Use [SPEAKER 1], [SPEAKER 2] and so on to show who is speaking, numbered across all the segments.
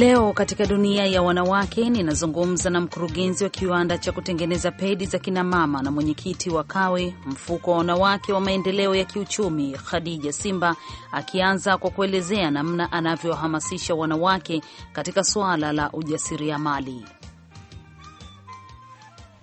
[SPEAKER 1] Leo katika dunia ya wanawake, ninazungumza na mkurugenzi wa kiwanda cha kutengeneza pedi za kinamama na mwenyekiti wa Kawe, mfuko wa wanawake wa maendeleo ya kiuchumi, Khadija Simba, akianza kwa kuelezea namna anavyohamasisha wanawake katika suala la ujasiriamali.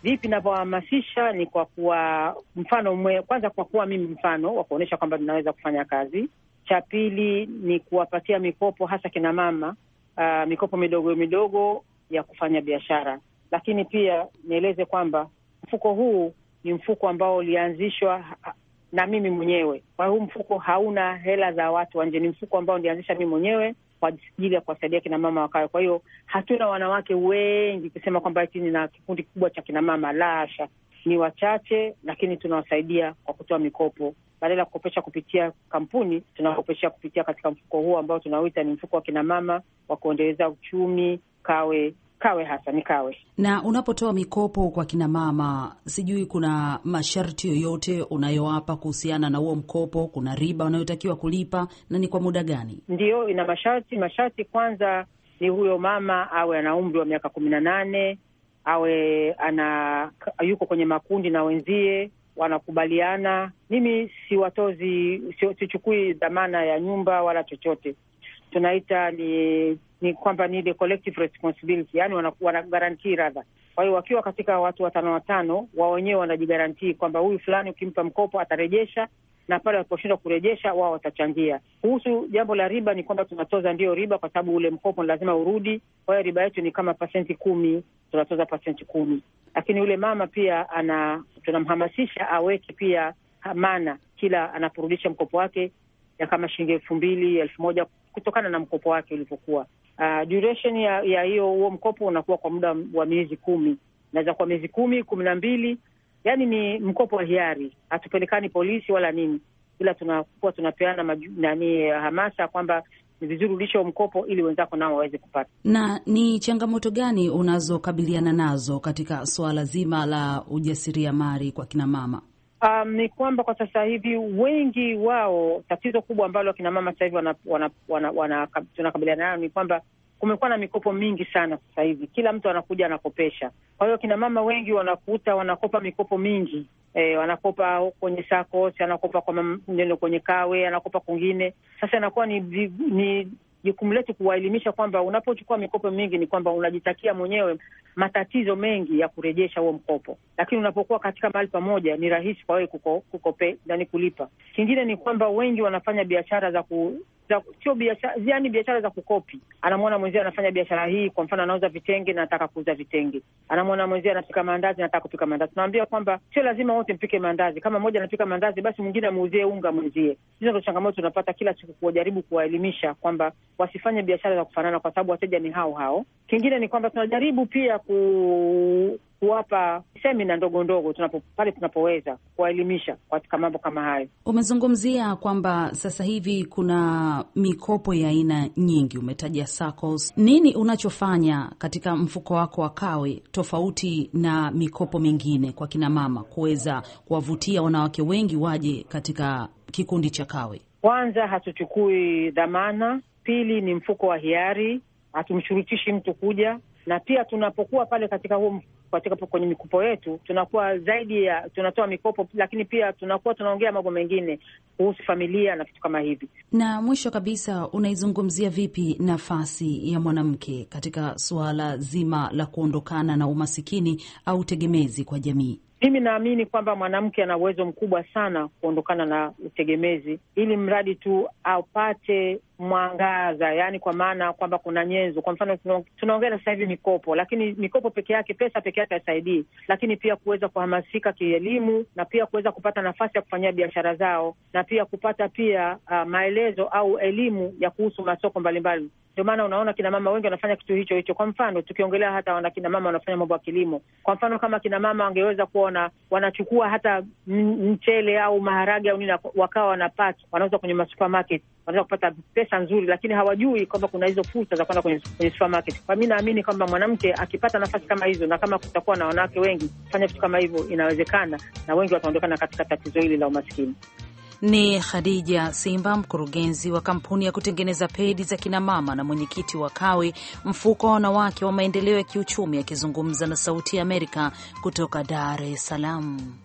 [SPEAKER 2] Vipi navyohamasisha? Ni kwa kuwa mfano mwe, kwanza kwa kuwa mimi mfano wa kuonyesha kwamba ninaweza kufanya kazi. Cha pili ni kuwapatia mikopo hasa kinamama uh, mikopo midogo midogo ya kufanya biashara. Lakini pia nieleze kwamba mfuko huu ni mfuko ambao ulianzishwa uh, na mimi mwenyewe. Kwa huu mfuko hauna hela za watu wa nje, ni mfuko ambao nilianzisha mimi mwenyewe kwa ajili ya kuwasaidia kinamama wakawe. Kwa hiyo hatuna wanawake wengi kusema kwamba eti nina kikundi kikubwa cha kinamama, la hasha, ni wachache, lakini tunawasaidia kwa kutoa mikopo badala ya kukopesha kupitia kampuni, tunakopesha kupitia katika mfuko huo ambao tunauita ni mfuko wa kinamama wa kuendeleza uchumi kawe kawe hasa ni kawe.
[SPEAKER 1] Na unapotoa mikopo kwa kinamama, sijui kuna masharti yoyote unayowapa kuhusiana na huo mkopo? Kuna riba unayotakiwa kulipa na ni kwa muda gani?
[SPEAKER 2] Ndiyo, ina masharti. Masharti kwanza ni huyo mama awe ana umri wa miaka kumi na nane, awe ana yuko kwenye makundi na wenzie, wanakubaliana. Mimi siwatozi, sichukui dhamana ya nyumba wala chochote. Tunaita ni ni kwamba ni the collective responsibility, yani wanagarantii radha. Kwa hiyo wakiwa katika watu watano watano, wao wenyewe wanajigarantii kwamba huyu fulani ukimpa mkopo atarejesha na pale wanaposhindwa kurejesha wao watachangia. Kuhusu jambo la riba, ni kwamba tunatoza ndio riba, kwa sababu ule mkopo ni lazima urudi. Kwa hiyo riba yetu ni kama pasenti kumi, tunatoza pasenti kumi, lakini yule mama pia ana, tunamhamasisha aweke pia mana kila anaporudisha mkopo wake ya kama shilingi elfu mbili elfu moja kutokana na mkopo wake ulivyokuwa. Uh, duration ya hiyo huo mkopo unakuwa kwa muda wa miezi kumi, inaweza kuwa miezi kumi kumi na mbili yani ni mkopo wa hiari, hatupelekani polisi wala nini, ila tunakuwa tunapeana maju, nani hamasa kwamba ni vizuri ulisho mkopo ili wenzako nao waweze kupata.
[SPEAKER 1] Na ni changamoto gani unazokabiliana nazo katika suala zima la ujasiriamali kwa kinamama?
[SPEAKER 2] Um, ni kwamba kwa sasa hivi wengi wao, tatizo kubwa ambalo wakinamama sasa hivi wana, wana, wana, wana, tunakabiliana nayo ni kwamba kumekuwa na mikopo mingi sana sasa hivi, kila mtu anakuja anakopesha. Kwa hiyo kina mama wengi wanakuta wanakopa mikopo mingi e, wanakopa kwenye SACCOS, anakopa kwa mam, kwenye kawe, anakopa kwingine. Sasa inakuwa ni, ni jukumu letu kuwaelimisha kwamba unapochukua mikopo mingi ni kwamba unajitakia mwenyewe matatizo mengi ya kurejesha huo mkopo, lakini unapokuwa katika mahali pamoja ni rahisi kwa wewe kuko, kukope, kulipa. Kingine ni kwamba wengi wanafanya biashara za ku za sio biashara, yani biashara za kukopi. Anamwona mwenzie anafanya biashara hii, kwa mfano anauza vitenge na nataka kuuza vitenge, anamwona mwenzie anapika mandazi nataka kupika mandazi Tunawambia kwamba sio lazima wote mpike mandazi Kama mmoja anapika mandazi basi mwingine amuuzie unga mwenzie. Hizo ndo changamoto tunapata kila siku, kujaribu kuwaelimisha kwamba wasifanye biashara za kufanana, kwa sababu wateja ni hao hao. Kingine ni kwamba tunajaribu pia ku kuwapa semina ndogo ndogo tunapo, pale tunapoweza kuwaelimisha katika mambo kama hayo.
[SPEAKER 1] Umezungumzia kwamba sasa hivi kuna mikopo ya aina nyingi, umetaja SACCOS. Nini unachofanya katika mfuko wako wa Kawe tofauti na mikopo mingine kwa kinamama kuweza kuwavutia wanawake wengi waje katika kikundi cha Kawe?
[SPEAKER 2] Kwanza hatuchukui dhamana Pili ni mfuko wa hiari, hatumshurutishi mtu kuja, na pia tunapokuwa pale katika huo katika kwenye mikopo yetu tunakuwa zaidi ya tunatoa mikopo, lakini pia tunakuwa tunaongea mambo mengine kuhusu familia na vitu kama hivi.
[SPEAKER 1] Na mwisho kabisa, unaizungumzia vipi nafasi ya mwanamke katika suala zima la kuondokana na umasikini au tegemezi kwa jamii?
[SPEAKER 2] Mimi naamini kwamba mwanamke ana uwezo mkubwa sana kuondokana na utegemezi, ili mradi tu apate mwangaza, yaani kwa maana kwamba kuna nyenzo. Kwa mfano, tunaongea sasa hivi mikopo, lakini mikopo peke yake, pesa peke yake haisaidii, lakini pia kuweza kuhamasika kielimu na pia kuweza kupata nafasi ya kufanyia biashara zao na pia kupata pia uh, maelezo au elimu ya kuhusu masoko mbalimbali. Ndio maana unaona kina mama wengi wanafanya kitu hicho hicho. Kwa mfano tukiongelea hata wana kina mama wanafanya mambo ya kilimo, kwa mfano kama kina mama wangeweza kuona wanachukua hata mchele au maharage au nini, wakawa wanapat wanauza kwenye masupermarket, wanataka kupata pesa nzuri, lakini hawajui kwamba kuna hizo fursa za kwenda kwenye, kwenye supermarket. Kwa mi naamini kwamba mwanamke akipata nafasi kama hizo, na kama kutakuwa na wanawake wengi kufanya vitu kama hivyo, inawezekana na wengi wataondokana katika tatizo hili la umaskini.
[SPEAKER 1] Ni Khadija Simba, mkurugenzi wa kampuni ya kutengeneza pedi za kinamama na mwenyekiti wa Kawe, mfuko wa wanawake wa maendeleo ya kiuchumi, akizungumza na Sauti ya Amerika kutoka Dar es Salaam.